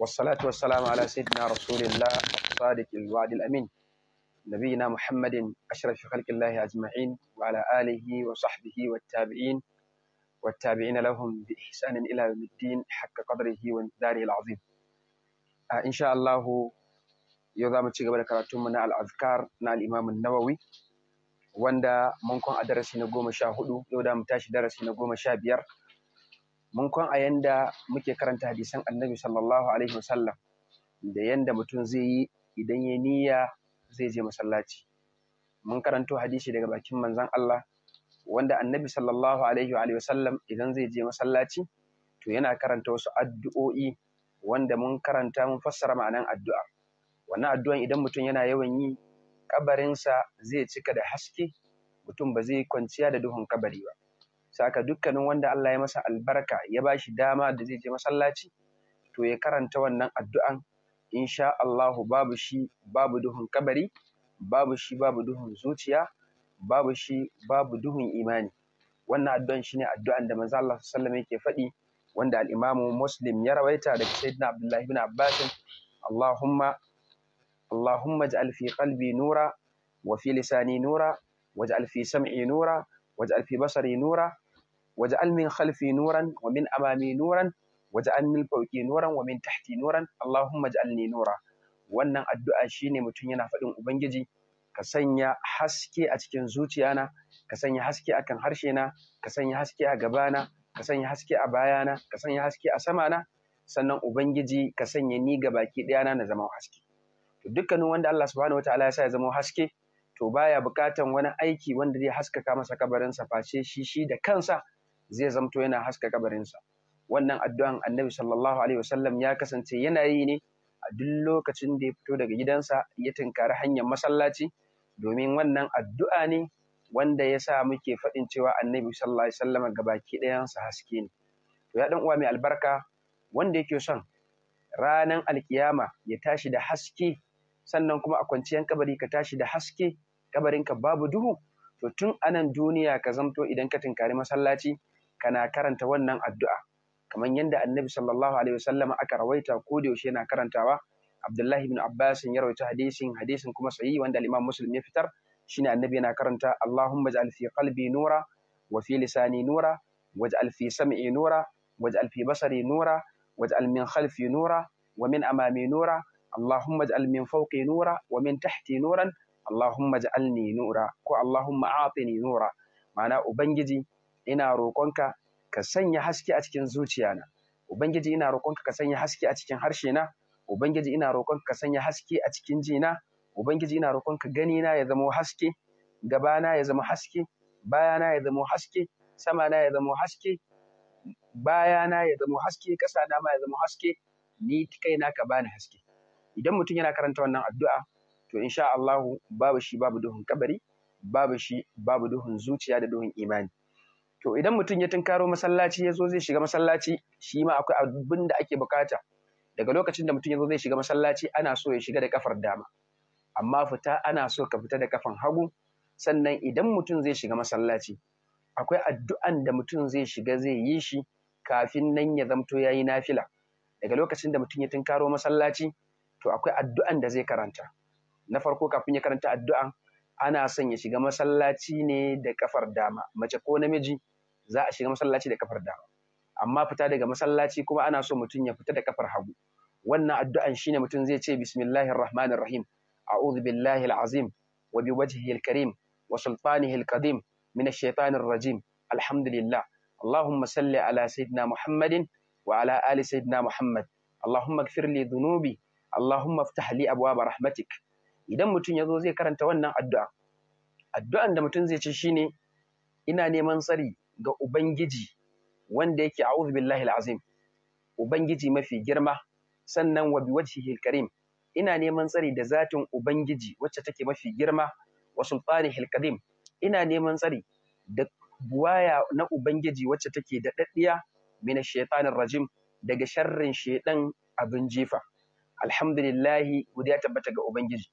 والصلاة والسلام على سيدنا رسول الله الصادق الوعد الأمين نبينا محمد أشرف خلق الله أجمعين وعلى آله وصحبه والتابعين والتابعين لهم بإحسان إلى يوم الدين حق قدره ومقداره العظيم آه إن شاء الله يوضع من تشغب لكراتمنا الأذكار نا الإمام النووي wanda mun kun a darasi na goma sha hudu yau da mu tashi darasi na goma sha biyar mun kwan a yanda muke karanta hadisan annabi sallallahu alaihi wasallam da yanda mutum zai yi idan ya niyya zai je masallaci mun karanto hadisi daga bakin manzon Allah wanda annabi sallallahu alaihi wa sallam idan zai je masallaci to yana karanta wasu addu'o'i wanda mun karanta mun fassara ma'anan addu'a wannan addu'an idan mutum yana yawan yi kabarinsa zai cika da haske mutum ba zai kwanciya da duhun kabari ba saka dukkanin wanda Allah ya masa albarka ya ba shi dama da zai je masallaci to ya karanta wannan addu'an insha babu shi babu duhun kabari babu shi babu duhun zuciya babu shi babu duhun imani wannan addu'an shine addu'an da manzo Allah sallallahu yake faɗi wanda al Muslim ya rawaita daga Sayyidina Abdullahi ibn Abbas Allahumma Allahumma ij'al fi qalbi nura wa fi lisani nura waj'al fi sam'i nura Waje alfibasari basari nura waj'al min khalfi nuran wa min amami nuran waj'al min fawqi nuran wa min tahti nuran Allahumma ij'alni nura wannan addu'a shine mutum yana faɗin ubangiji ka sanya haske a cikin zuciyana ka sanya haske akan harshe na ka sanya haske a gabana ka sanya haske a bayana ka sanya haske a samana sannan ubangiji ka sanya ni ga baki ɗayana na zama haske to dukkanin wanda Allah subhanahu wataala ya sa ya zama haske to baya buƙatan wani aiki wanda zai haskaka masa kabarinsa face shi shi da kansa zai zamto yana haska kabarinsa wannan addu'an annabi sallallahu alaihi wasallam ya kasance yana yi ne a duk lokacin da ya fito daga gidansa ya tunkari hanyar masallaci domin wannan addu'a ne wanda ya sa muke faɗin cewa annabi sallallahu alaihi wasallam gabaki ɗayansa haske ne to ya ɗan uwa mai albarka wanda yake son ranan alkiyama ya tashi da haske sannan kuma a kwanciyar kabari ka tashi da haske kabarinka babu duhu to tun anan duniya ka zamto idan ka tinkari masallaci kana karanta wannan addu'a kamar yadda annabi sallallahu alaihi wasallam aka rawaita ko da yaushe yana karantawa abdullahi ibn abbas ya rawaita hadisin hadisin kuma sahihi wanda al-imam muslim ya fitar shine annabi yana karanta allahumma ij'al fi qalbi nura wa fi lisani nura waj'al fi sam'i nura waj'al fi basari nura waj'al min khalfi nura wa min amami nura اللهم اجعل من فوقي نورا ومن تحتي نورا Allahumma ja'alni nura ko Allahumma a'tini nura ma'ana ubangiji ina roƙonka ka sanya haske a cikin zuciyana ubangiji ina roƙonka ka sanya haske a cikin harshe na. ubangiji ina roƙonka ka sanya haske a cikin jina ubangiji ina roƙonka na ya zamo haske gabana ya zama haske bayana ya zamo haske samana ya zamo haske bayana ya zamo haske ƙasa na ma ya zamo haske ni kaina ka bani haske idan mutum yana karanta wannan addu'a to sha Allah babu shi babu duhun kabari babu shi babu duhun zuciya da duhun imani to idan mutum ya tunkaro masallaci ya zai shiga masallaci shi ma akwai abin da ake bukata daga lokacin da mutum ya zo zai shiga masallaci ana so ya shiga da kafar dama amma fita ana so ka fita da kafan hagu sannan idan mutum zai shiga masallaci akwai addu'an da mutum zai shiga zai yi shi kafin nan ya zamto ya yi nafila daga lokacin da mutum ya tunkaro masallaci to akwai addu'an da zai karanta na farko kafin ya karanta addu'an ana son ya shiga masallaci ne da kafar dama mace ko namiji za a shiga masallaci da kafar dama amma fita daga masallaci kuma ana so mutum ya fita da kafar hagu wannan addu'an shine mutum zai ce bismillahir rahmanir rahim a'udhu billahi alazim wa biwajhihi alkarim wa sultanihi alqadim min ash-shaytanir rajim alhamdulillah اللهم صل على سيدنا محمد وعلى آل سيدنا محمد اللهم اغفر لي ذنوبي اللهم افتح لي أبواب رحمتك idan mutum ya zo zai karanta wannan addu'a addu'an da mutum zai ce ne, ina neman tsari ga ubangiji wanda yake a'udhu billahi azim ubangiji mafi girma sannan wa bi biwajhihi alkarim ina neman tsari da zatin ubangiji wacce take mafi girma wa sultanihi alqadim ina neman tsari da buwaya na ubangiji wacce take da daddiya min shaitanin rajim daga sharrin shaiɗan abin jefa alhamdulillahi ya tabbata ga ubangiji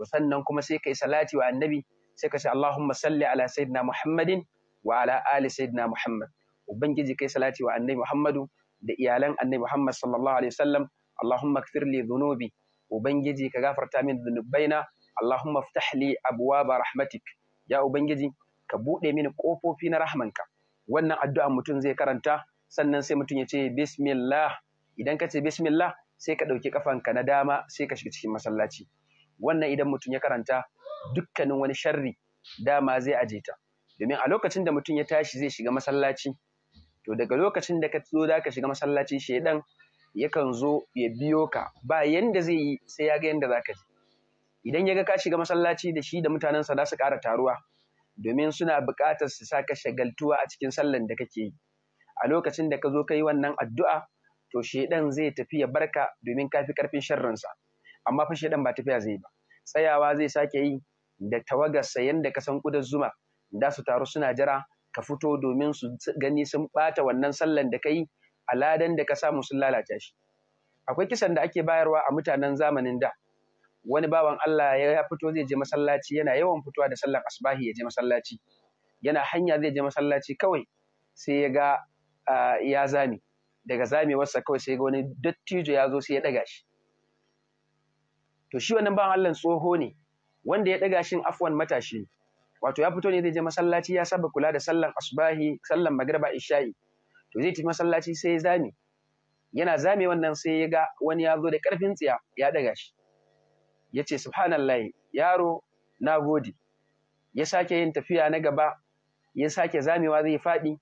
to sannan kuma sai kai salati wa annabi sai ka ce Allahumma salli ala sayyidina Muhammadin wa ala ali sayyidina Muhammad ubangiji kai salati wa annabi Muhammadu da iyalan annabi Muhammad sallallahu alaihi wasallam Allahumma ighfir li dhunubi ubangiji ka gafarta min dhunubaina Allahumma iftah li abwaba rahmatik ya ubangiji ka bude mini kofofi na rahmanka wannan addu'a mutum zai karanta sannan sai mutum ya ce bismillah idan ka ce bismillah sai ka ɗauki kafanka na dama sai ka shiga cikin masallaci wannan idan mutum ya karanta dukkanin wani sharri dama zai aje ta domin a lokacin da mutum ya tashi zai shiga masallaci to daga lokacin da ka zo za ka shiga masallaci shaidan yakan zo ya biyo ka ba yanda zai yi sai ya ga yanda za ka je idan ya ga ka shiga masallaci da shi da mutanensa za su ƙara taruwa domin suna buƙatar su sa ka shagaltuwa a cikin sallan da kake yi a lokacin da ka zo ka yi wannan addu'a to shaidan zai tafi ya barka domin ka fi ƙarfin sharrinsa. amma fa shedan ba tafiya zai ba tsayawa zai sake yi da tawagarsa yanda ka san kudan zuma da su taru suna jira ka fito domin su gani sun bata wannan sallan da ka yi a ladan da ka samu sun lalata shi akwai kisan da ake bayarwa a mutanen zamanin da wani bawan Allah ya fito zai je masallaci yana yawan fitowa da sallar asbahi ya je masallaci yana hanya zai je masallaci kawai sai ya ga ah, ya zame daga zamewarsa kawai sai ga wani dattijo ya zo sai ya ɗaga shi to shi wannan ban Allah tsoho ne wanda ya daga shin afwan matashi wato ya fito ne zai je masallaci ya saba kula da sallan asbahi sallan magriba isha'i to zai tafi masallaci sai ya zame yana zame wannan sai ya ga wani ya zo da karfin tsiya ya daga shi ya ce subhanallahi yaro na gode ya sake yin tafiya na gaba ya sake zamewa zai faɗi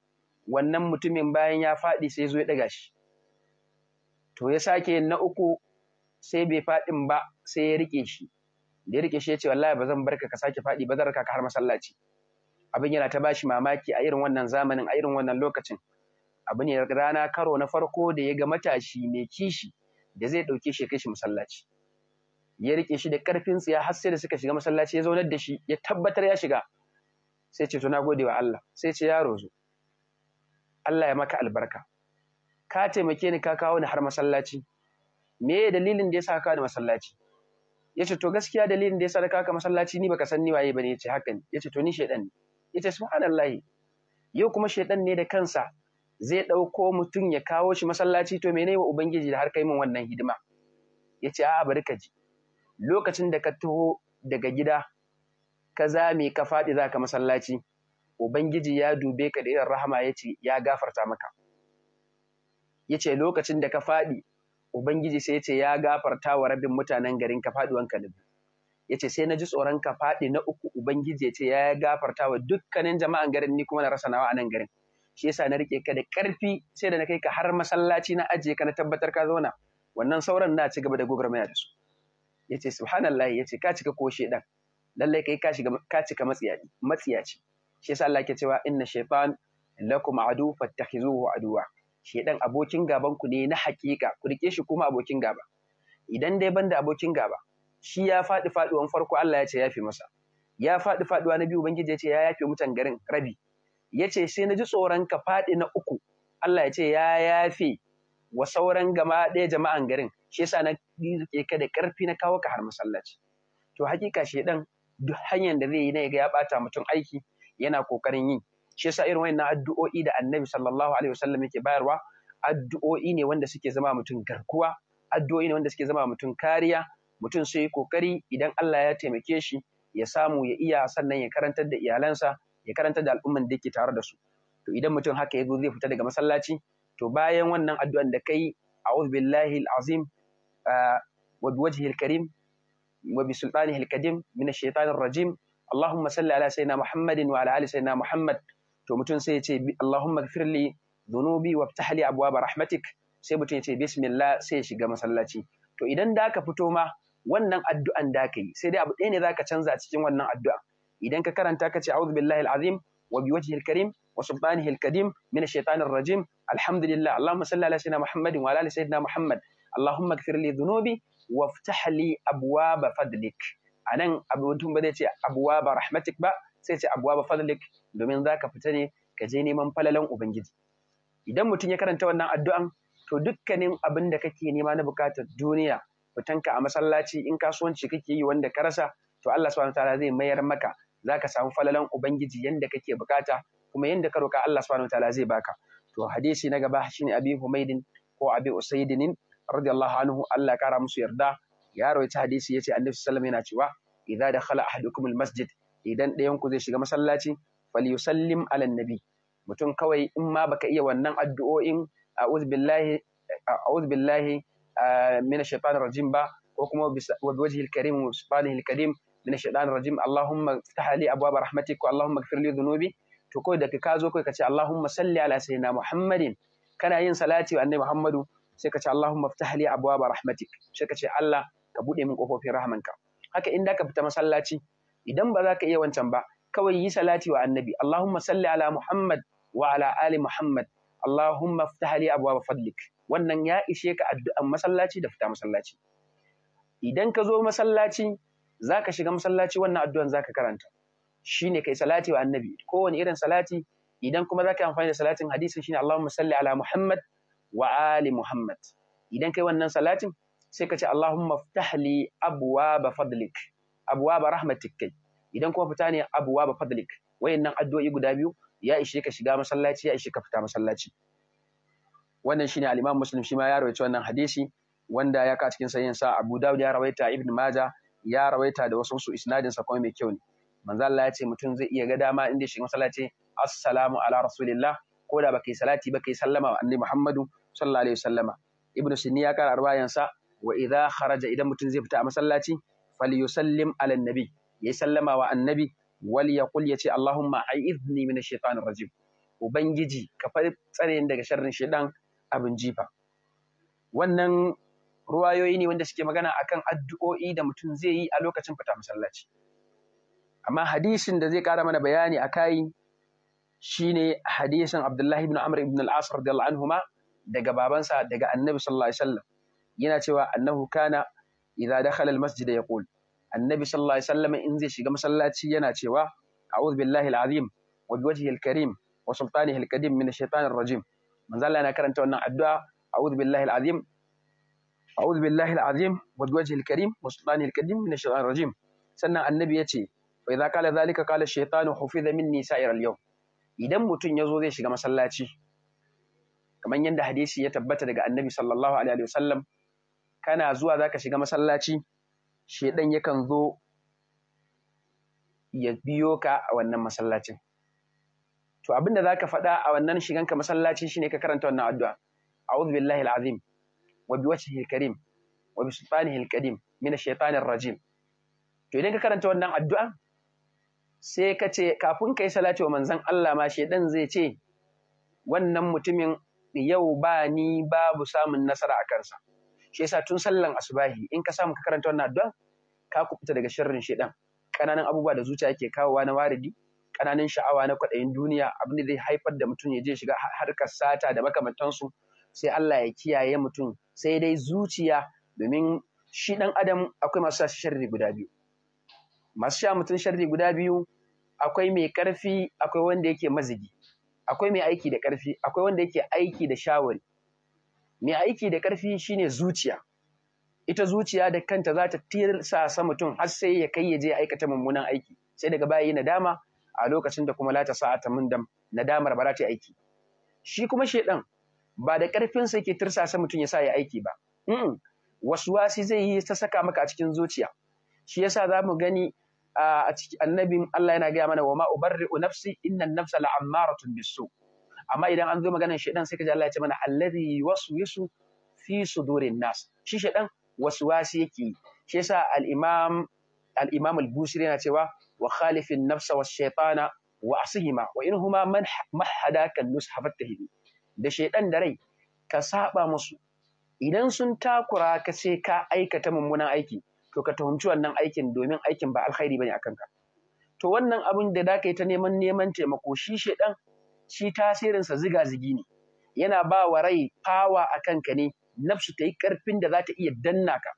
wannan mutumin bayan ya faɗi sai ya zo ya daga shi to ya sake yin na uku sai bai faɗin ba sai ya rike shi da ya rike shi ya ce wallahi ba zan barka ka sake faɗi ba zan raka ka har masallaci abin yana ta bashi mamaki a irin wannan zamanin a irin wannan lokacin abu ne rana karo na farko da ya ga matashi mai kishi da zai ɗauke shi kai shi masallaci ya rike shi da ƙarfin tsiya har sai da suka shiga masallaci ya zaunar da shi ya tabbatar ya shiga sai ce to na gode wa Allah sai ce yaro zo Allah ya maka albarka ka taimake ni ka kawo ni har masallaci me dalilin da ya sa ka da masallaci Ya ce to gaskiya dalilin da sa da ka masallaci ni baka san ni waye bane ce haka ne ce to ni shaidan ne Ya ce subhanallahi yau kuma shaidan ne da kansa zai ɗauko mutum ya kawo shi masallaci to mene wa ubangiji da har kai min wannan hidima yace a'a bari ka ji lokacin da ka taho daga gida ka me ka faɗi za ka masallaci ubangiji ya dube ka da irin rahama ya ce ya gafarta maka Ya ce lokacin da ka faɗi ubangiji sai ya ce ya gafarta wa rabin mutanen garin ka faɗi wanka. na ya ce sai na ji tsoron ka faɗi na uku ubangiji ya ce ya gafarta wa dukkanin jama'an garin ni kuma na rasa nawa a nan garin shi yasa na rike ka da ƙarfi sai da na kai ka har masallaci na ajiye ka na tabbatar ka zauna wannan sauran na ci gaba da gwagwarmaya da su ya ce subhanallah ya ce ka cika ko shedan lallai kai ka shiga ka cika matsiyaci shi yasa Allah ke cewa inna shaitan lakum adu fattakhizuhu aduwa shedan abokin gaban ku ne na haƙiƙa ku rike shi kuma abokin gaba idan dai banda abokin gaba shi ya faɗi faɗuwan farko Allah ya ce yafe masa ya faɗi faɗuwa na biyu ubangiji ya ce ya yafe mutan garin rabi ya ce sai na ji tsoron ka faɗi na uku Allah ya ce ya yafe wa sauran gama ɗaya jama'an garin shi yasa na rike ka da ƙarfi na kawo ka har masallaci to hakika shedan duk hanyar da zai yi na ya ɓata mutum aiki yana ƙoƙarin yi shi yasa irin wayannan addu'o'i da annabi sallallahu alaihi wasallam yake bayarwa addu'o'i ne wanda suke zama mutum garkuwa addu'o'i ne wanda suke zama mutum kariya mutum sai yi kokari idan Allah ya taimake shi ya samu ya iya sannan ya karantar da iyalansa ya karantar da al'umman da yake tare da su to idan mutum haka ya zo zai fita daga masallaci to bayan wannan addu'an da kai a'udhu billahi al'azim azim wa biwajhihi al-karim wa bi sultanihi al-kadim min ash rajim اللهم صل على سيدنا محمد وعلى ال سيدنا محمد to mutum sai ya ce Allahumma gfirli dhunubi waftah li rahmatik sai mutum ya ce bismillah sai ya shiga masallaci to idan da ka fito ma wannan addu'an da ka yi sai dai abu ɗaya ne zaka canza a cikin wannan addu'a idan ka karanta ka ce a'udhu billahi al-azim wa biwajhihi al-karim wa subhanihi kadim min ash-shaytanir rajim alhamdulillah allahumma salli ala sayyidina muhammadin wa ala sayyidina muhammad allahumma ighfir li dhunubi waftah li abwaaba fadlik anan abu mutum ba zai ce abwaba rahmatik ba sai ce abwaba fadlik domin zaka fita ne ka je neman falalan ubangiji idan mutum ya karanta wannan addu'an to dukkanin abin da kake nema na bukatar duniya fitanka a masallaci in kasuwanci kake yi wanda ka rasa to Allah subhanahu wataala zai mayar maka zaka samu falalan ubangiji yanda kake bukata kuma yanda ka roka Allah subhanahu wataala zai baka to hadisi na gaba shine abi humaidin ko abi usaidin radiyallahu anhu Allah ya kara musu yarda ya rawaita hadisi yace annabi sallallahu alaihi wasallam yana cewa idza dakhala ahadukum almasjid idan ɗayanku zai shiga masallaci falyusallim ala nabi mutum kawai in ma baka iya wannan addu'o'in a'udhu billahi a'udhu billahi rajim ba ko kuma wa biwajhil karim wa subhanahu karim minash shaitanir rajim allahumma iftah li abwaab rahmatik wa allahumma ighfir li dhunubi to kawai da ka zo kai ka allahumma salli ala sayyidina muhammadin kana yin salati wa annabi muhammadu sai kace allahumma iftah li abwaab rahmatik sai kace allah ka bude min kofofin rahmanka haka in da ka fita masallaci idan ba za ka iya wancan ba kawai yi salati wa annabi Allahumma salli ala Muhammad wa ala ali Muhammad Allahumma iftah li abwaab fadlik wannan ya ishe ka addu'an masallaci da fita masallaci idan ka zo masallaci zaka shiga masallaci wannan addu'an zaka karanta shine kai salati wa annabi kowane irin salati idan kuma zaka yi amfani da salatin hadisin shine Allahumma salli ala Muhammad wa ali Muhammad idan kai wannan salatin sai ka ce Allahumma iftah li abwaab fadlik abwaba rahmatik kai idan kuma fita ne abwaba fadlik wayannan addu'o'i guda biyu ya ishe ka shiga masallaci ya ishe ka fita masallaci wannan shine al-Imam Muslim shi ma ya rawaita wannan hadisi wanda ya ka cikin sahihin sa Abu Dawud ya rawaita Ibn Majah ya rawaita da wasu su isnadin sa kuma mai kyau ne manzo Allah ya ce mutum zai iya ga dama inda shi masallaci assalamu ala rasulillah ko da baka yi salati baka yi sallama wa annabi Muhammadu sallallahu alaihi wasallama Ibn Sunni ya kara arwayan sa wa idza kharaja idan mutum zai fita a masallaci falyusallim ala nabi yayi sallama wa annabi wal yaqul yace allahumma ayi min ash-shaytanir rajim ubangiji ka far tsare ni daga sharrin shaytan abin jifa wannan ruwayoyi ne wanda suke magana akan addu'o'i da mutum zai yi a lokacin fita masallaci amma hadisin da zai kara mana bayani a shine hadisin Abdullahi ibn Amr ibn al-As radiyallahu anhuma daga babansa daga Annabi sallallahu alaihi wasallam yana cewa annahu kana idza dakhala almasjid yaqul annabi sallallahu alaihi wasallam in zai shiga masallaci yana cewa a'udhu billahi alazim wa biwajhihi alkarim wa sultanihi alqadim min ash-shaytanir rajim manzo karanta wannan addu'a a'udhu billahi alazim a'udhu billahi alazim wa wa sultanihi alqadim min ash-shaytanir rajim sannan annabi ya wa idza qala dhalika qala ash-shaytanu min nisa sa'ir al-yawm idan mutum zo zai shiga masallaci kamar yadda hadisi ya tabbata daga annabi kana zuwa za ka shiga masallaci shedan yakan zo ya biyo ka a wannan masallacin to abin da ka faɗa a wannan shiganka masallaci shi ne ka karanta wannan addu'a a'udhu billahi al'azim wa biwajhihi al-karim wa bi sultanihi al-qadim min rajim to idan ka karanta wannan addu'a sai ka ce kafin yi salati wa manzon Allah ma shedan zai ce wannan mutumin yau ba ni babu samun nasara a kansa shi yasa tun sallan asubahi in ka samu ka karanta wannan addu'a ka kubuta daga sharrin shedan kananan abubuwa da zuciya ke kawowa na waridi kananan sha'awa na kwaɗayin duniya abin da zai haifar da mutum ya je shiga harkar sata da makamantansu sai Allah ya kiyaye mutum sai dai zuciya domin shi ɗan adam akwai masu shashi sharri guda biyu masu sha mutum sharri guda biyu akwai mai karfi akwai wanda yake mazigi akwai mai aiki da karfi akwai wanda yake aiki da shawari mai aiki da ƙarfi shine zuciya ita zuciya da kanta za ta tirsasa mutum har sai ya kai ya je aikata mummunan aiki sai daga baya yi nadama a lokacin da kuma lata sa'ata mun dam nadamar ba za ta aiki shi kuma shedan ba da ƙarfinsa yake tirsasa mutum ya sa ya aiki ba wasu wasi zai yi ta saka maka a cikin zuciya shi yasa za mu gani a cikin annabin Allah yana gaya mana wa ma ubarri'u nafsi innan nafsa la'ammaratun bisu amma idan an zo maganar shaidan sai ka Allah ya ce mana alladhi waswisu fi sudurin nas shi shaidan waswasi yake shi yasa al-imam al-imam al-busiri yana cewa wa khalifin nafsa was shaytana wa asihima wa in huma man mahada kan nushabat tahidi da shaidan da rai ka saba musu idan sun takura ka sai ka aikata mummunan aiki to ka tuhumci wannan aikin domin aikin ba alkhairi bane akan ka to wannan abin da da yi ta neman neman taimako shi shaidan shi tasirinsa ziga-zigi ne yana ba wa rai fawa a kanka ne nafsu ta yi ƙarfin da za ta iya danna ka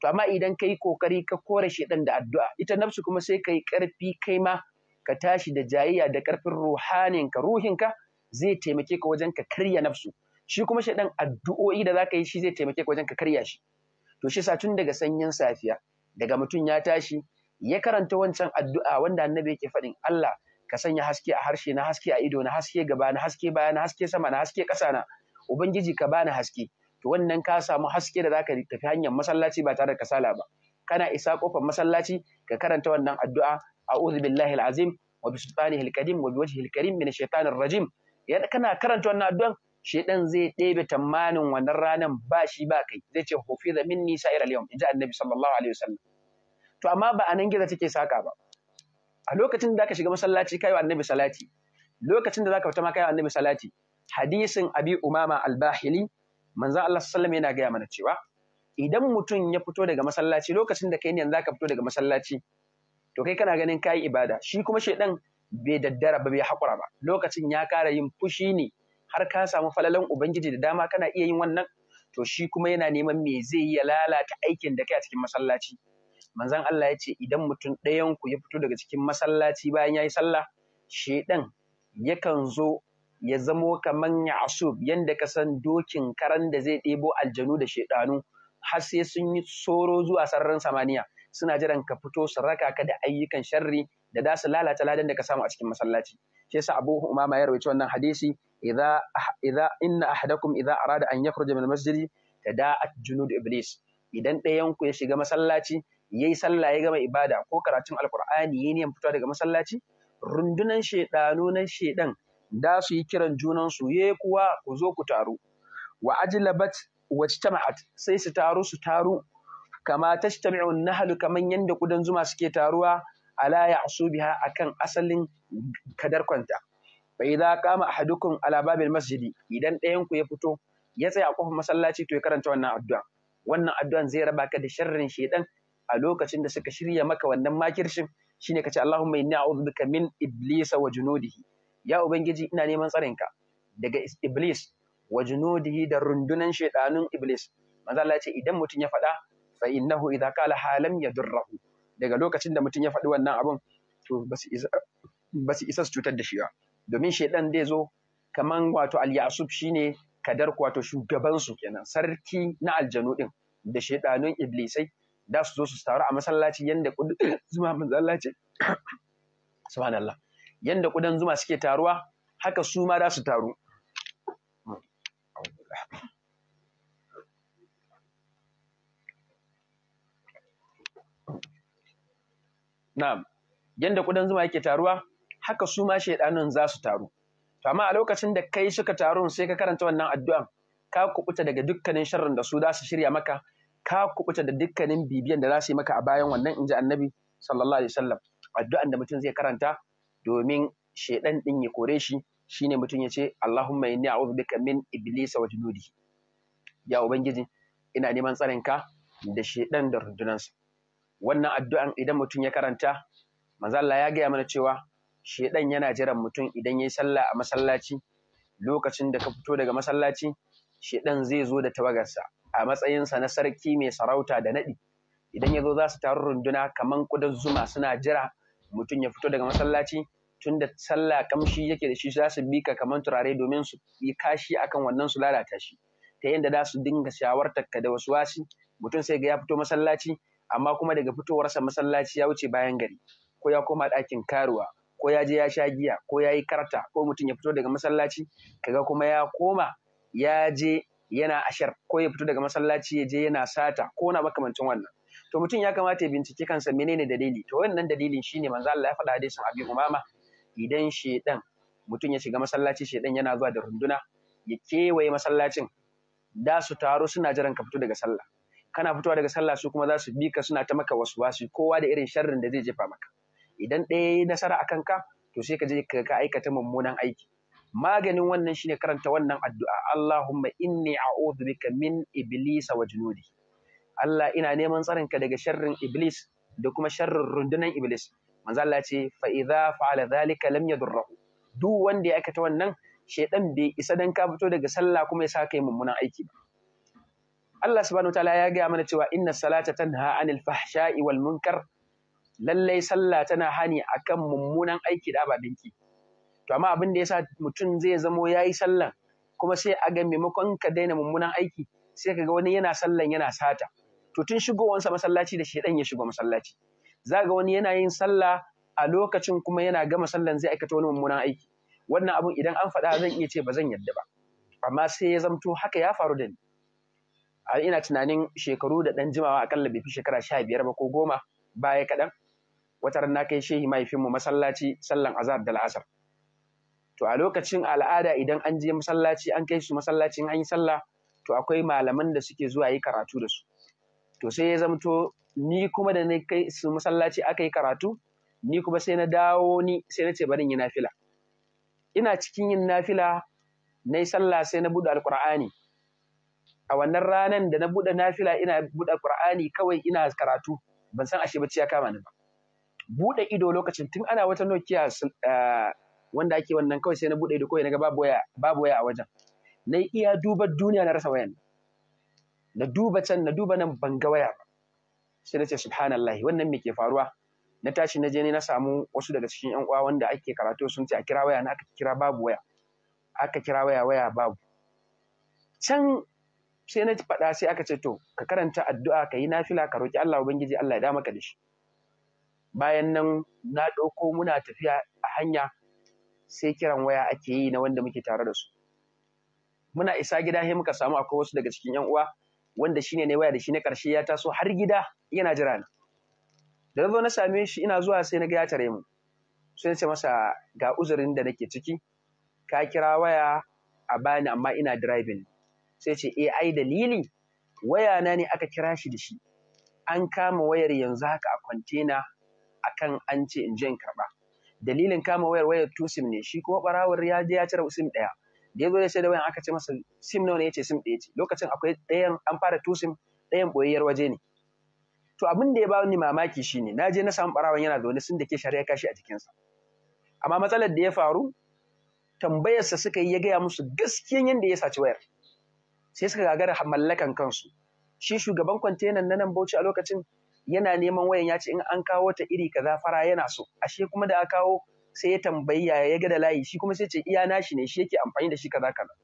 to amma idan ka yi ƙoƙari ka kore shaidan da addu'a ita nafsu kuma sai ka yi ƙarfi kai ma ka tashi da jayayya da ƙarfin ruhaninka ruhinka zai taimake ka wajen ka karya nafsu shi kuma shaidan addu'o'i da za ka yi shi zai taimake ka wajen ka karya shi to shi sa tun daga sanyin safiya daga mutum ya tashi ya karanta wancan addu'a wanda annabi yake faɗin Allah ka sanya haske a harshe na haske a ido na haske gaba na haske baya na haske sama na haske ƙasa na ubangiji ka bani haske to wannan ka samu haske da zaka tafi hanyar masallaci ba tare da kasala ba kana isa kofar masallaci ka karanta wannan addu'a a'udhu billahi alazim wa bi sultanihi alqadim wa bi wajhihi alkarim min ash-shaytanir rajim ya kana karanta wannan addu'an shedan zai ɗebe tamanin wannan ranan ba shi ba kai zai ce hufiza minni sa'ir al-yawm inji annabi sallallahu alaihi wasallam to amma ba anan gida take saka ba a lokacin da zaka shiga masallaci kai wa annabi salati lokacin da zaka fita ma kai wa annabi salati hadisin abi umama al-bahili manzo Allah sallallahu yana gaya mana cewa idan mutum ya fito daga masallaci lokacin da kai ne zaka fito daga masallaci to kai kana ganin kai ibada shi kuma shedan bai daddara ba bai hakura ba lokacin ya kara yin fushi ne har ka samu falalan ubangiji da dama kana iya yin wannan to shi kuma yana neman me zai yi lalata aikin da kai a cikin masallaci manzon Allah ya ce idan mutum ɗayan ku ya fito daga cikin masallaci bayan ya yi sallah shedan yakan zo ya zamo kaman ya asub yanda ka san dokin karan da zai ɗebo aljanu da shedanu har sai sun yi soro zuwa sararin samaniya suna jiran ka fito su raka ka da ayyukan sharri da za su lalata ladan da ka samu a cikin masallaci shi yasa Abu Umama ya rawaito wannan hadisi idza idza inna ahadakum idza arada an yakhruja min masjidi tada'at junud iblis idan ɗayan ku ya shiga masallaci yayi sallah ya gama ibada ko karatun alqur'ani yayi niyan fita daga masallaci rundunan shedano na shedan da su yi kiran junan su ye kuwa ku zo ku taru wa ajlabat wajtama'at sai su taru su taru kama tajtami'u nahlu kaman yanda kudan zuma suke taruwa ala biha akan asalin kwanta fa idza qama ahadukum ala babil masjidi idan ɗayan ku ya fito ya tsaya a kofar masallaci to ya karanta wannan addu'a wannan addu'an zai raba ka da sharrin shedan a lokacin da suka shirya maka wannan makircin shine kace Allahumma inni a'udhu bika min iblisa wa junudihi ya ubangiji ina neman tsarinka daga iblis wa junudihi da rundunan shaidanun iblis manzo ya ce idan mutum ya faɗa fa innahu idza qala halam yadurruhu daga lokacin da mutum ya faɗi wannan abun to basu isa isa su cutar da shi ba domin shaidan dai zo kaman wato al-yasub shine kadar wato shugabansu kenan sarki na aljanu din da shaidanun iblisai da su zo su taru a masallaci yanda ƙudan zuma masallaci subhanallah yanda kudan zuma suke taruwa haka su ma da su taru na'am yanda ƙudan zuma yake taruwa haka su ma shedanun za su taru to amma a lokacin da kai suka taru sai ka karanta wannan addu'an ka kubuta daga dukkanin sharrin da su za su shirya maka ka kubuta da dukkanin bibiyan da za su yi maka a bayan wannan inji annabi sallallahu alaihi wasallam addu'an da mutum zai karanta domin shedan din ya kore shi shine mutum ya ce Allahumma inni a'udhu bika min iblisa wa junudihi ya ubangiji ina neman tsarin ka da shedan da rundunansa wannan addu'an idan mutum ya karanta manzo Allah ya gaya mana cewa shedan yana jiran mutum idan yayi sallah a masallaci lokacin da ka fito daga masallaci shedan zai zo da tawagarsa a matsayinsa na sarki mai sarauta da naɗi idan ya zo za su taru runduna kaman ƙudan zuma suna jira mutum ya fito daga masallaci tunda sallah kamshi yake da shi za su bika kamar turare domin su yi kashi akan wannan su lalata shi ta yadda za su dinga shawartar ka da wasu wasi mutum sai ga ya fito masallaci amma kuma daga fitowarsa masallaci ya wuce bayan gari ko ya koma ɗakin karuwa ko ya je ya sha giya ko ya yi karta ko mutum ya fito daga masallaci kaga kuma ya koma ya je yana ashar ko ya fito daga masallaci ya je yana sata ko na makamancin wannan to mutum ya kamata ya bincike kansa menene dalili to wannan dalilin shine manzo Allah ya faɗa hadisin Abi Umama idan shedan mutum ya shiga masallaci shedan yana zuwa da runduna ya kewaye masallacin da su taro suna jiran ka fito daga sallah kana fitowa daga sallah su kuma za su bi ka suna ta maka wasu wasu kowa da irin sharrin da zai jefa maka idan ɗaya ya yi nasara akan ka to sai ka je ka aikata mummunan aiki maganin wannan shine karanta wannan addu'a Allahumma inni a'udhu bika min iblisa wa junudi Allah ina neman tsarinka daga sharrin iblis da kuma sharrin rundunan iblis manzo Allah ce fa idza fa'ala dhalika lam yadurruhu duk wanda ya aikata wannan shedan bai isa dan ka fito daga sallah kuma ya saka mummunan aiki ba Allah subhanahu wataala ya gaya mana cewa inna salata tanha anil fahsha'i wal munkar lallai sallah tana hani akan mummunan aiki da abadinki to amma abin da yasa mutum zai zamo yayi sallan kuma sai a ga maimakon ka daina mummunan aiki sai ka ga wani yana sallan yana sata to tun shigowansa masallaci da shedan ya shigo masallaci za ga wani yana yin sallah a lokacin kuma yana gama sallan zai aikata wani mummunan aiki wannan abun idan an faɗa zan iya ce ba zan yadda ba amma sai ya zamto haka ya faru da ni a ina tunanin shekaru da ɗan jimawa akalla bai fi shekara sha biyar ba ko goma baya kaɗan wata ran na kai shehi mahaifinmu masallaci sallan azar da la'asar to a lokacin al'ada idan an je masallaci an kai su masallacin an yi sallah to akwai malaman da suke zuwa yi karatu da su to sai ya zamto ni kuma da na kai su masallaci aka yi karatu ni kuma sai na dawo ni sai na ce barin yi nafila ina cikin yin nafila na sallah sai na buɗe alƙur'ani a wannan ranan da na buɗe nafila ina buɗe alƙur'ani kawai ina karatu ban san ashe bacci ya kama ni ba buɗe ido lokacin tun ana wata nokia eh, wanda ake wannan kawai sai na buɗe ido kawai naga babu waya babu waya a wajen na iya duba duniya na rasa wayan na duba can na duba nan ban ga waya ba sai na ce subhanallahi wannan me ke faruwa na tashi na je ne na samu wasu daga cikin yan uwa wanda ake karatu sun ce a kira waya na aka kira babu waya aka kira waya waya babu can sai na faɗa sai aka ce to ka karanta addu'a ka yi nafila ka roki Allah ubangiji Allah ya da maka da shi bayan nan na ɗauko muna tafiya a hanya sai kiran waya ake yi na wanda muke tare da su muna isa gida sai muka samu akwai wasu daga cikin yan uwa wanda shine ne waya da shi na karshe ya taso har gida yana jira ni da na zo na same shi ina zuwa sai na ga ya tare mu sai na ce masa ga uzurin da nake ciki ka kira waya a bani amma ina driving sai ce eh ai dalili waya na ne aka kira shi da shi an kama wayar yanzu haka a kwantena akan an ce in je in karba dalilin kama wayar wayar tu sim ne shi kuma barawar ya je ya cire sim ɗaya da ya zo ya ce da wayan aka ce masa sim nawa ne ya ce sim ɗaya ce lokacin akwai ɗayan an fara tu sim ɗayan ɓoyayyar waje ne to abin da ya ba ni mamaki ne na je na samu barawan yana da wani sun da ke shari'a kashi a jikinsa amma matsalar da ya faru tambayarsa suka yi ya gaya musu gaskiyan yadda ya saci wayar sai suka gagara mallakan kansu shi shugaban kwantenan na nan bauchi a lokacin yana neman wayan ya ce in an kawo ta iri kaza fara yana so ashe kuma da aka kawo sai ya tambayi ya ya ga da layi shi kuma sai ce iya nashi ne shi yake amfani da shi kaza kaza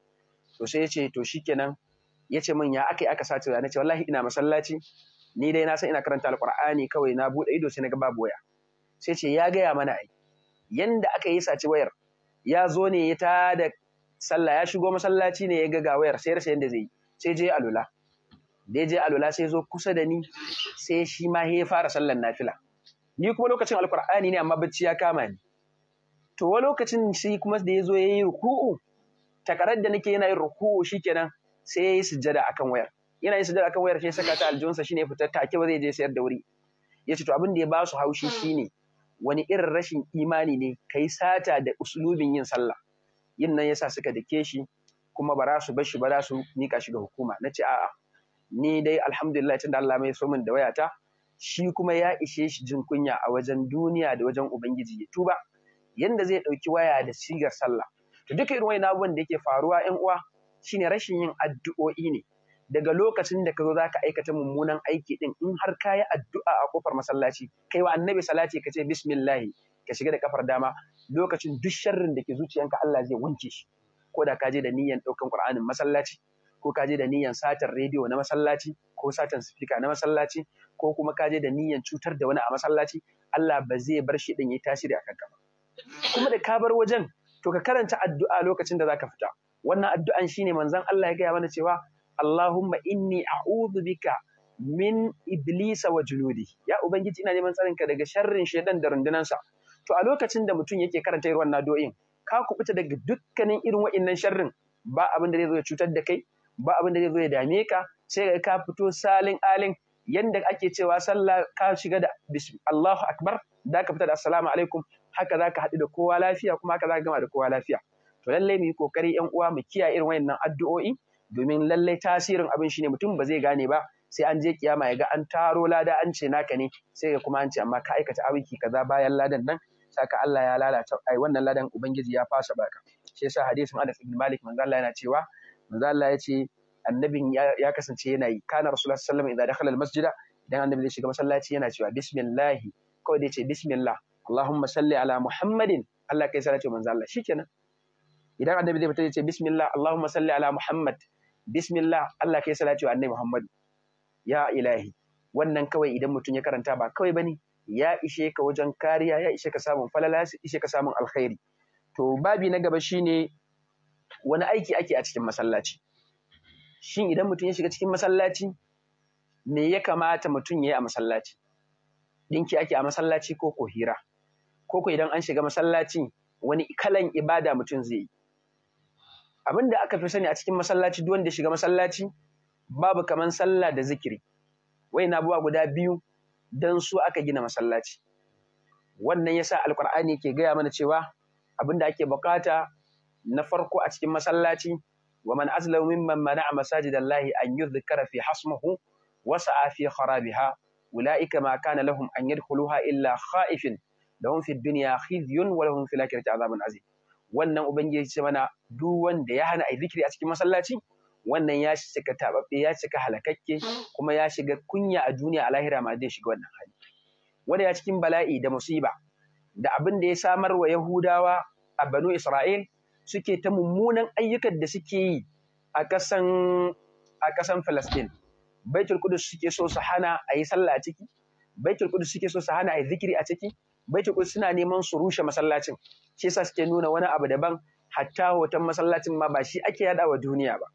to sai ya ce to shikenan ya ce min ya aka yi aka sace na ce wallahi ina masallaci ni dai na san ina karanta alqur'ani kawai na bude ido sai na ga babu waya sai ce ya gaya mana ai yanda aka yi sace wayar ya zo ne ya tada sallah ya shigo masallaci ne ya ga ga wayar sai rasa yanda zai yi sai je alula da ya je alwala sai zo kusa da ni sai shi ma ya fara sallan nafila ni kuma lokacin alkur'ani ne amma bacci ya kama ni to wa lokacin shi kuma da ya zo ya yi ruku'u takarar da nake yana yin ruku'u shi kenan sai ya yi sujjada akan wayar yana yin sujjada akan wayar sai saka ta aljihunsa shine fitar take ba zai je sayar da wuri ya ce to abin da ya ba su haushi ne, wani irin rashin imani ne kai sata da usulubin yin sallah yin nan yasa suka dake shi kuma ba za su bar shi ba za su mika shi ga hukuma na ce a'a ni dai alhamdulillah tunda Allah mai so min da wayata shi kuma ya ishe shi jin kunya a wajen duniya da wajen ubangiji ya tuba yanda zai ɗauki waya da sigar sallah to duka irin wani abubuwan da yake faruwa ƴan uwa shine rashin yin addu'o'i ne daga lokacin da ka zo za aikata mummunan aiki din in har ka yi addu'a a kofar masallaci kai wa annabi salati kace ce bismillahi ka shiga da kafar dama lokacin duk sharrin da ke zuciyanka Allah zai wanke shi ko da ka je da niyyar ɗaukan Qur'anin masallaci ko ka je da niyyar satar rediyo na masallaci ko satan sifika na masallaci ko kuma ka je da niyyar cutar da wani a masallaci Allah ba zai bar shi din yi tasiri akan ka ba kuma da ka bar wajen to ka karanta addu'a lokacin da zaka fita wannan addu'an shine manzon Allah ya gaya mana cewa Allahumma inni a'udhu bika min iblisa wa junudi ya ubangiji ina neman tsarinka daga sharrin shaidan da rundunan sa. to a lokacin da mutum yake karanta irin wannan do'in ka kubuta daga dukkanin irin wa'innan sharrin ba abin da zai zo ya cutar da kai ba abin da zai zo ya dame ka sai ka fito salin alin yanda ake cewa sallah ka shiga da Allahu akbar da ka fita da assalamu alaikum haka za ka haɗu da kowa lafiya kuma haka za gama da kowa lafiya to lallai mu yi kokari ƴan uwa mu kiyaye irin wayannan addu'o'i domin lallai tasirin abin shine mutum ba zai gane ba sai an je kiyama ya ga an taro lada an ce naka ne sai ga kuma an ce amma ka aikata aiki kaza bayan ladan nan saka Allah ya lalata ai wannan ladan ubangiji ya fasa baka shi yasa hadisin Anas ibn Malik manzo Allah yana cewa manzo Allah ya ce annabin ya kasance yana yi kana rasulullahi sallallahu alaihi wasallam idan dakhala almasjida idan annabi zai shiga masallaci yana cewa bismillah kawai dai ce bismillah Allahumma salli ala Muhammadin Allah kai ya salati manzo Allah shikenan idan annabi zai fita ya ce bismillah Allahumma salli ala Muhammad bismillah Allah kai salati wa annabi Muhammad ya ilahi wannan kawai idan mutum ya karanta ba kawai bane ya ishe ka wajen kariya ya ishe ka samun falala ya ishe ka samun alkhairi to babi na gaba shine wani aiki ake a cikin masallaci shin idan mutum ya shiga cikin masallaci me ya kamata mutum ya yi a masallaci dinki ake a masallaci ko ko hira ko ko idan an shiga masallaci wani kalan ibada mutum zai yi abin da aka fi sani a cikin masallaci duk wanda ya shiga masallaci babu kamar sallah da zikiri wai na buwa guda biyu dan su aka gina masallaci wannan yasa Alƙur'ani ke gaya mana cewa abin da ake bukata na farko a cikin masallaci wa man azlamu mimman mana'a masajidallahi an yudhkara fi hasmuhu wa sa'a fi kharabiha ulaika ma kana lahum an yadkhuluha illa khaifin lahum fid dunya khizyun wa lahum fil akhirati azabun azim wannan ubangiji ce mana duk wanda ya hana ai zikiri a cikin masallaci wannan ya shiga tababbe ya shiga halakakke kuma ya shiga kunya a duniya a lahira ma zai shiga wannan hali wanda ya cikin bala'i da musiba da abin da ya samar wa yahudawa a banu isra'il suke ta mummunan ayyukan da suke yi a ƙasan Falasɗin. ƙasan Falastin. Baitul suke so su hana a yi sallah a ciki, Baitul Qudus suke so su hana a yi zikiri a ciki, Baitul Qudus suna neman su rushe masallacin. Shi yasa suke nuna wani abu daban hatta hoton masallacin ma ba shi ake yada wa duniya ba.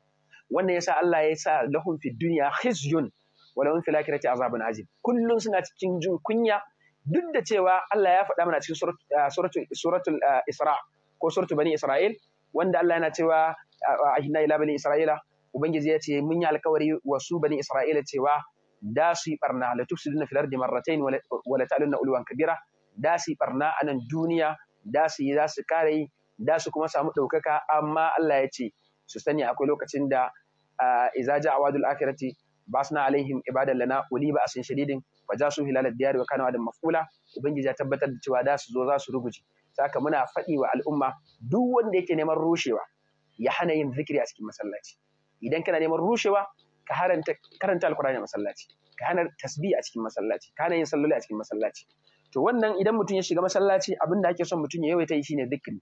Wannan yasa Allah ya sa lahum fi dunya khizyun wa lahum fil akhirati azabun azim. Kullun suna cikin jin kunya duk da cewa Allah ya faɗa mana cikin eh, suratul eh, Isra' ko surtu bani Isra'il wanda Allah yana cewa ahina ila bani Isra'ila ubangiji ya ce mun yi alkawari wa su bani Isra'ila cewa da su yi barna la tufsiduna fil ardi marratayn wa la ta'lunna ulwan kabira da su yi barna a nan duniya da su yi za su kare yi da su kuma samu ɗaukaka amma Allah ya ce su sani akwai lokacin da iza ja awadul akhirati basna alaihim ibadan lana uli ba asin shadidin wa jasu hilal diyar wa kana da mafula ubangiji ya tabbatar da cewa da su zo za su ruguje saka muna faɗi wa al'umma duk wanda yake neman rushewa ya hana yin zikiri a cikin masallaci idan kana neman rushewa ka haranta karanta alkurani a masallaci ka hana tasbihi a cikin masallaci ka hana yin salloli a cikin masallaci to wannan idan mutum ya shiga masallaci abin da ake son mutum ya yawaita yi shine zikiri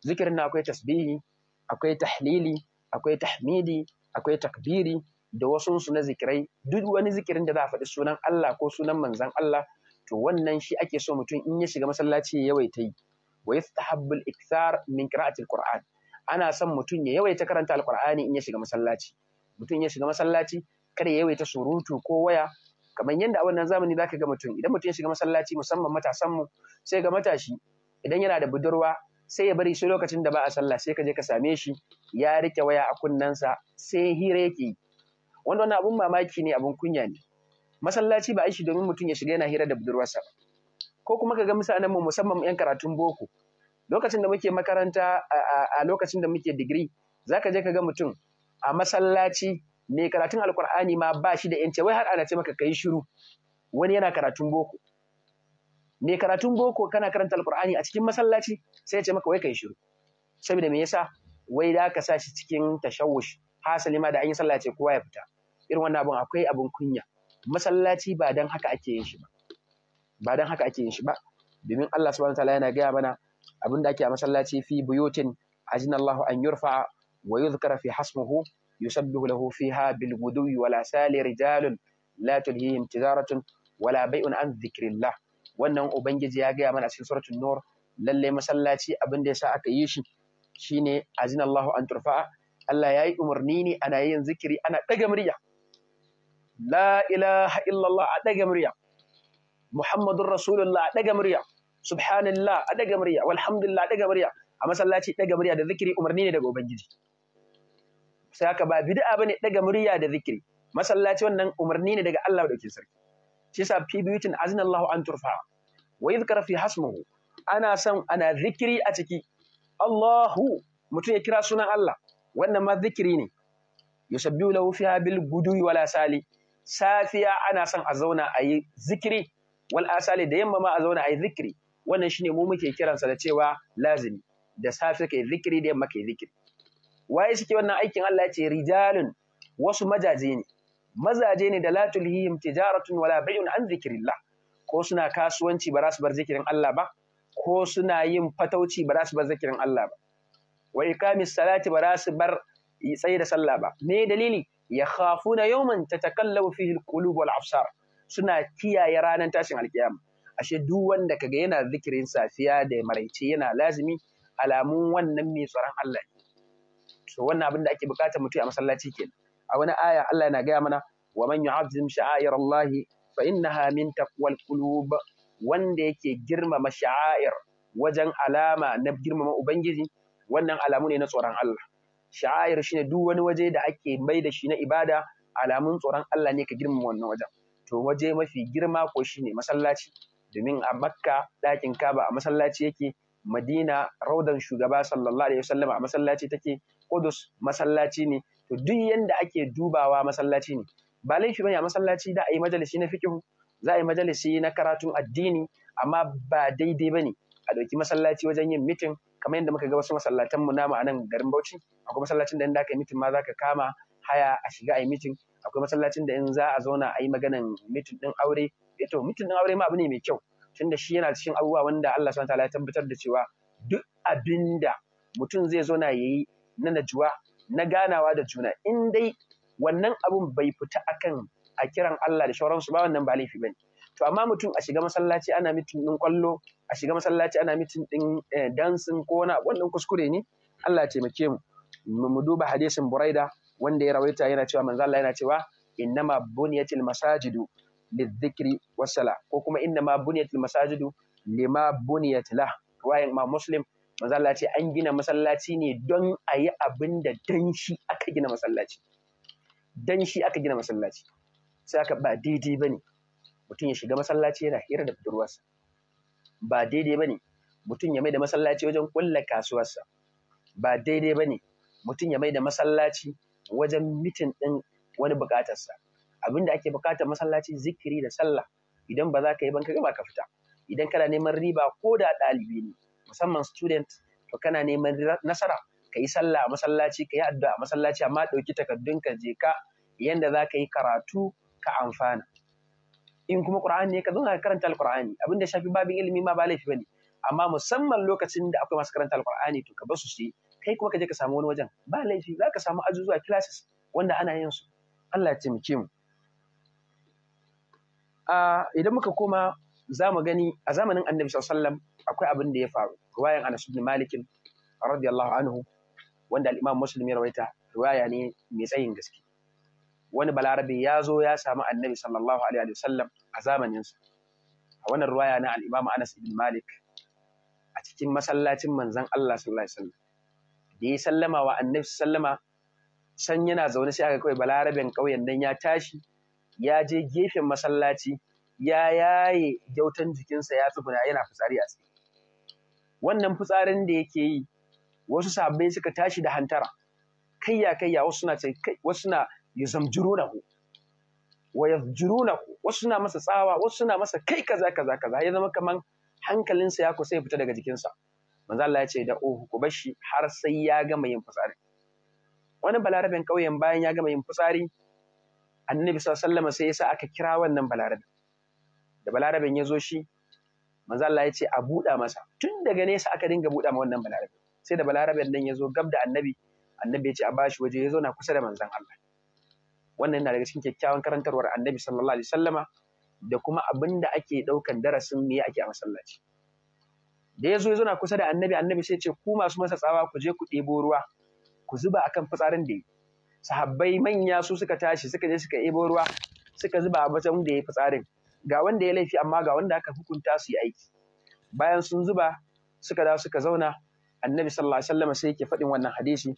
zikirin akwai tasbihi akwai tahlili akwai tahmidi akwai takbiri da wasu su na zikirai duk wani zikirin da za a faɗi sunan Allah ko sunan manzon Allah to wannan shi ake so mutum in ya shiga masallaci ya yawaita yi wa yastahabbu min qira'ati al ana son mutum ya yawaita karanta al in ya shiga masallaci mutum ya shiga masallaci kada ya yawaita surutu ko waya kamar yadda a wannan zamani zaka ga mutum idan mutum ya shiga masallaci musamman matasan mu sai ga matashi idan yana da budurwa sai ya bari shi lokacin da ba a sallah sai ka je ka same shi ya rike waya a sa, sai hira yake wanda wannan abun mamaki ne abun kunya ne masallaci ba a shi domin mutum ya shiga yana hira da budurwarsa ba ko kuma ka ga mutanen mu musamman yan karatun boko lokacin da muke makaranta a lokacin da muke digiri zaka je ka ga mutum a masallaci mai karatun alkur'ani ma ba shi da yanci wai har ana ce maka kai shiru wani yana karatun boko mai karatun boko kana karanta alkur'ani a cikin masallaci sai ya ce maka wai kai shiru saboda me yasa wai da ka sa shi cikin tashawush hasali ma da an yi sallah ce kowa ya fita irin wannan abun akwai abun kunya masallaci ba dan haka ake yin shi ba ba dan haka ake yin shi ba domin Allah subhanahu wataala yana gaya mana abin da ake a masallaci fi buyutin lahu an yurfa'a wa yuzkara fi hasmuhu yusabbihu lahu fiha bil guduwi wala sali rijalun la tulhihim tijaratun wala bai'un an dhikrillah wannan ubangiji ya gaya mana cikin suratul nur lalle masallaci abin da yasa aka yi shi shine ajinallahu an turfa'a Allah yayi umarni ne ana yin zikiri ana daga murya la ilaha illallah a daga murya Muhammadun Rasulullah a ɗaga murya, Subhanallah a ɗaga murya, walhamdulillah a ɗaga murya, a masallaci daga murya da zikiri umarni ne daga Ubangiji. Sai ba bid'a ba ne daga murya da zikiri, masallaci wannan umarni ne daga Allah da ke sarki. Shi yasa fi biyutin azinallahu an turfa, wa yadhkar fi hasmuhu, ana son ana zikiri a ciki. Allahu mutum ya kira sunan Allah, wannan ma zikiri ne. Yusabbihu biyu fiha bil gudu wala sali. Safiya ana son a zauna a yi zikiri wal asali da yamma ma a zauna ayi zikiri wannan shine mu muke kiransa da cewa lazimi da safe kai zikiri da yamma kai zikiri waye suke wannan aikin Allah ya ce rijalun wasu majaje ne mazaje ne da la tulhihim tijaratun wala bay'un an zikrillah ko suna kasuwanci ba za su bar zikirin Allah ba ko suna yin fatauci ba za su bar zikirin Allah ba wa iqamis salati ba za su bar tsaye da sallah ba me dalili ya khafuna yawman tatakallabu fihi alqulub wal absar suna kiyaye ranar tashin alkiyama ashe duk wanda kaga yana zikirin safiya da maraice yana lazimi alamun wannan mai tsoron Allah ne to wannan abin da ake bukata mutum a masallaci kenan a wani aya Allah yana gaya mana wa man yu'azzim sha'air Allah fa innaha min taqwal qulub wanda yake girmama sha'air wajen alama na girmama ubangiji wannan alamu ne na tsoron Allah sha'air shine duk wani waje da ake mai da shi na ibada alamun tsoron Allah ne ka girmama wannan wajen to waje mafi girma ko ne masallaci domin a makka ɗakin kaba a masallaci yake madina raudan shugaba sallallahu alaihi wasallam a masallaci take kudus masallaci ne to duk yanda ake dubawa masallaci ne ba laifi bane a masallaci da a yi majalisi na fiqh za a yi majalisi na karatun addini amma ba daidai bane a ɗauki masallaci wajen yin mitin kamar yadda muka ga wasu masallatan mu namu a nan garin Bauchi akwai masallacin da inda aka yi mitin ma zaka kama haya a shiga a yi mitin akwai masallacin da in za a zauna a yi maganan mitin ɗin aure eh to mitin ɗin aure ma abu ne mai kyau tunda shi yana cikin abubuwa wanda Allah subhanahu wataala ya tabbatar da cewa duk abinda mutum zai zauna yayi na najuwa na ganawa da juna in dai wannan abun bai fita akan a kiran Allah da shauransu ba wannan ba laifi bane to amma mutum a shiga masallaci ana mitin din kwallo a shiga masallaci ana mitin din eh, dancing ko wani wannan kuskure ne Allah ya taimake mu mu duba hadisin Buraida wanda ya rawaita yana cewa manzo Allah yana cewa innama buniyatil masajidu lidhikri wassala ko kuma innama buniyatil masajidu lima buniyat la wayan ma muslim manzo Allah ce an gina masallaci ne don ayi yi abin da dan shi aka gina masallaci dan shi aka gina masallaci sai aka ba daidai bane mutum ya shiga masallaci yana hira da budurwarsa ba daidai bane mutum ya mai da masallaci wajen kulla kasuwarsa ba daidai bane mutum ya mai da masallaci wajen mitin ɗin wani buƙatarsa da ake buƙatar masallaci zikiri da sallah idan ba za ka yi ban ka gama ka fita idan kana neman riba ko da ɗalibi ne musamman student to kana neman nasara ka yi sallah a masallaci ka yi addu'a a masallaci amma ɗauki takardun ka je ka yanda za ka yi karatu ka amfana in kuma ƙur'ani ne ka zo ka karanta Alƙur'ani. abin da shafi babin ilimi ma ba laifi ne. amma musamman lokacin da akwai masu karanta Alƙur'ani to ka basu yi kai kuma ka je ka samu wani wajen ba laifi za ka samu azuzuwa classes wanda ana yin su Allah ya taimake mu a idan muka koma za mu gani a zamanin annabi sallallahu alaihi akwai abin da ya faru riwayan Anas ibn Malik radiyallahu anhu wanda al-Imam Muslim ya rawaita riwaya ne mai tsayin gaske wani balarabe ya zo ya samu annabi sallallahu alaihi wasallam a sa a wannan riwaya na al-Imam Anas ibn Malik a cikin masallacin manzon Allah sallallahu alaihi wasallam da ya sallama wa annabi sallama san yana zaune sai aka kawai balarabin ƙauyen nan ya tashi ya je gefen masallaci ya yaye gyautan jikinsa ya tsuguna yana fitsari a tsaye wannan fitsarin da yake yi wasu sabbai suka tashi da hantara kayya kayya wasu suna ce wasu suna yuzamjirunahu wa wasu suna masa tsawa wasu suna masa kai kaza kaza kaza ya zama kaman hankalinsa ya kusa ya fita daga jikinsa manzo Allah ya ce da ohu ku bashi har sai ya gama yin fitsari wani balarabin ƙauyen bayan ya gama yin fitsari annabi sallallahu sai yasa aka kira wannan balarabin da balarabin ya zo shi manzo Allah ya ce a buɗa masa tun daga nesa aka dinga buɗa ma wannan balarabin sai da balarabin nan ya zo gab da annabi annabi ya ce a bashi waje ya zo na kusa da manzon Allah wannan yana daga cikin kyakkyawan karantarwar annabi sallallahu alaihi wasallama da kuma abin da ake ɗaukan darasin me ake a masallaci da ya zo ya zauna kusa da annabi annabi sai ce ku masu masa tsawa ku je ku ɗebo ruwa ku zuba akan fitsarin da yi sahabbai manya su suka tashi suka je suka ɗebo ruwa suka zuba a wajen da ya yi fitsarin ga wanda ya laifi amma ga wanda aka hukunta su yi aiki bayan sun zuba suka da suka zauna annabi sallallahu alaihi wasallam sai yake faɗin wannan hadisi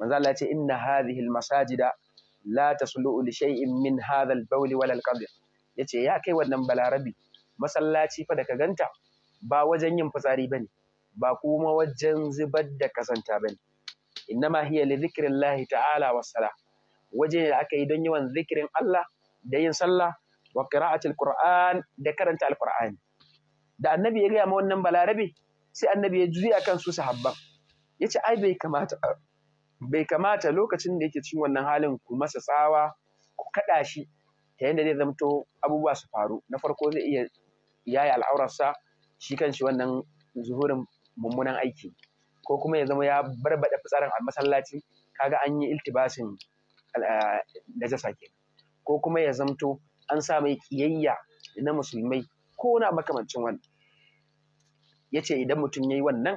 manzo Allah ya ce inna hadhihi almasajida la taslu'u li shay'in min hadha Bauli wala al yace ya kai wannan balarabi masallaci fa da ka ganta ba wajen yin fitsari ba ne, ba kuma wajen zubar da kasanta kazanta bane innama hiya li ta'ala was sala waje da aka yi don yawan zikirin Allah da yin sallah wa qira'atil qur'an da karanta alqur'ani da annabi ya ga ma wannan balarabe sai annabi ya juya akan su sahabban yace ai bai kamata bai kamata lokacin da yake cikin wannan halin ku masa tsawa ku kada shi ta yadda zai zamto abubuwa su faru na farko zai iya yayi al'aurarsa shi kan kanshi wannan zuhurin mummunan aiki ko kuma ya zama ya barbaɗa fitsarin a masallaci kaga an yi iltibasin najasa ke ko kuma ya zamto an sa mai kiyayya na musulmai ko na makamancin wannan ya ce idan mutum ya yi wannan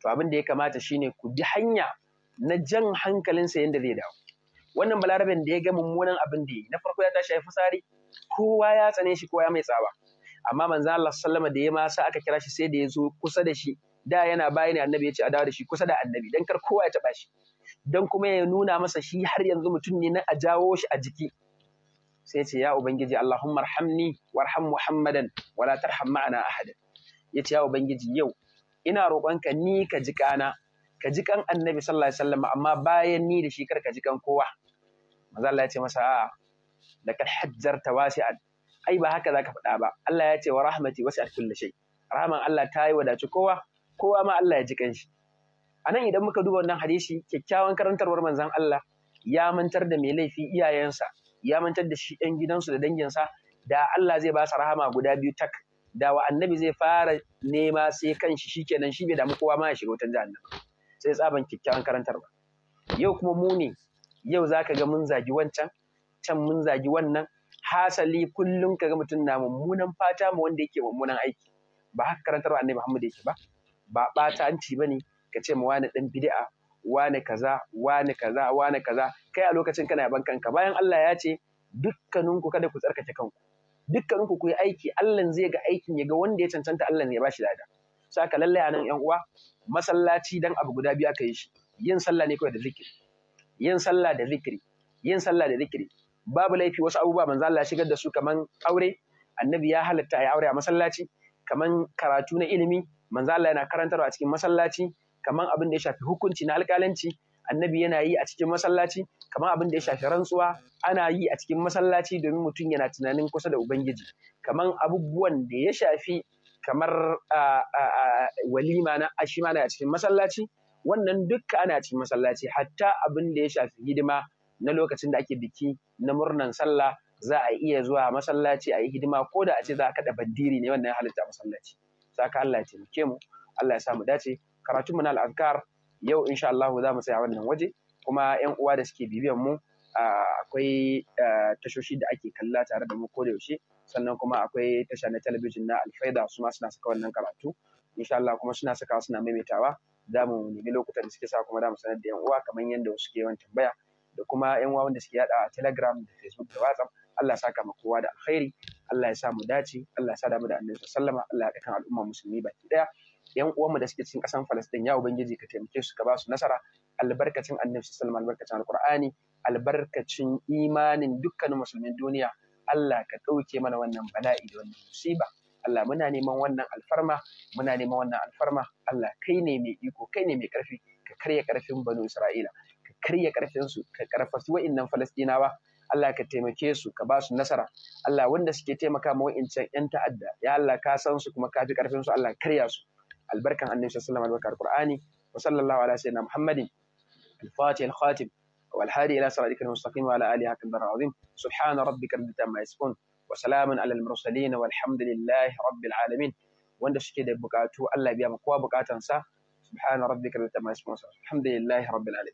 to abin da ya kamata shine ku bi hanya na jan hankalinsa yadda zai dawo wannan balaraben da ya ga mummunan abin da ya yi na farko ya tashi ya fusari kowa ya tsane shi kowa ya mai tsawa amma manzo Allah sallama da ya ma sa aka kira shi sai da ya zo kusa da shi da yana bayan annabi ya ce a dawo da shi kusa da annabi dan kar kowa ya taba shi dan kuma ya nuna masa shi har yanzu mutum ne na a jawo shi a jiki sai ce ya ubangiji Allahumma arhamni warham Muhammadan wala tarham ma'ana ahadan yace ya ubangiji yau ina roƙonka ni ka ji kana ka ji kan annabi sallallahu alaihi wasallam amma bayan ni da shi kar ka ji kan kowa manzo Allah ya ce masa a laqad hajjarta wasi'an ai ba haka zaka faɗa ba Allah ya ce wa rahmati wasi'at kulli shai. rahman Allah ta yi wadaci kowa kowa ma Allah ya ji kanshi anan idan muka duba wannan hadisi kyakkyawan karantarwar manzan Allah ya mantar da mai laifi iyayensa ya mantar da shi ɗan gidansu da danginsa da Allah zai ba su rahama guda biyu tak da wa annabi zai fara nema sai kanshi shikenan shi bai damu kowa ma ya shiga wutan jahannama sai tsaban kyakkyawan karantarwa yau kuma mu ne yau zaka ga mun zagi wancan can mun zagi wannan hasali kullum kaga mutum na mummunan fata ma wanda yake mummunan aiki ba haka karantarwa annabi Muhammad yake ba ba ɓata anci bane ka ce ma wani dan bid'a wani kaza wani kaza wani kaza kai a lokacin kana yaban kanka bayan Allah ya ce dukkaninku kada ku tsarkake kanku dukkaninku ku yi aiki Allah zai ga aikin ya ga wanda ya cancanta Allah ne ya bashi lada saka lallai anan yan uwa masallaci dan abu guda biyu aka yi shi yin sallah ne kawai da zikiri yin sallah da zikiri yin sallah da zikiri babu laifi wasu abubuwa manzo Allah shigar da su kaman aure annabi ya halatta ya aure a masallaci kaman karatu na ilimi manzo Allah yana karantarwa a cikin masallaci kaman abin da ya shafi hukunci na alƙalanci annabi yana yi a cikin masallaci kaman abin da ya shafi rantsuwa ana yi a cikin masallaci domin mutum yana tunanin kusa da ubangiji kaman abubuwan da ya shafi kamar walima na ashima na a cikin masallaci wannan dukka ana cikin masallaci hatta abin da ya shafi hidima na lokacin da ake biki na murnan sallah za a iya zuwa masallaci a yi hidima ko da a ce za a kaɗa bandiri ne wannan halitta masallaci saka Allah ya taimake mu Allah ya samu dace karatun mu na al'azkar yau insha Allah za mu tsaya wannan waje kuma ƴan uwa da suke bibiyan mu akwai tashoshi da ake kalla tare da mu ko da yaushe sannan kuma akwai tasha na talabijin na alfaida su ma suna saka wannan karatu insha Allah kuma suna saka suna maimaitawa za mu nemi lokutan da suke sa kuma za mu sanar da yan uwa kamar yadda suke ke yawan tambaya da kuma yan uwa wanda suke yada a telegram da facebook da whatsapp Allah ya saka ma kowa da alkhairi Allah ya sa mu dace Allah ya sa damu da annabi sallama Allah ya kan al'umma musulmi baki daya yan uwanmu da suke cikin kasan Falastin ya ubangiji ka taimake su ka ba su nasara albarkacin annabi sallama albarkacin alqur'ani albarkacin imanin dukkanin musulmin duniya Allah ka dauke mana wannan bala'i da wannan musiba Allah muna neman wannan alfarma muna neman wannan alfarma Allah kai ne mai iko kai ne mai karfi ka karya karfin banu Isra'ila karya karfinsu ka karfafi wa'innan falastinawa Allah ka taimake su ka ba su nasara Allah wanda suke taimaka ma wa'incan yan ta'adda ya Allah ka san su kuma ka fi karfin su Allah karya su albarkan annabi sallallahu alaihi wasallam alqur'ani wa sallallahu ala sayyidina muhammadin al-fatih al-khatim والهادي الى al المستقيم وعلى اله حق البر العظيم سبحان ربك رب العزه عما يصفون وسلام على المرسلين والحمد لله رب العالمين wanda suke da bukatu Allah biya ma kowa bukatansa subhana rabbika rabbil izzati amma yasifun alhamdulillahi rabbil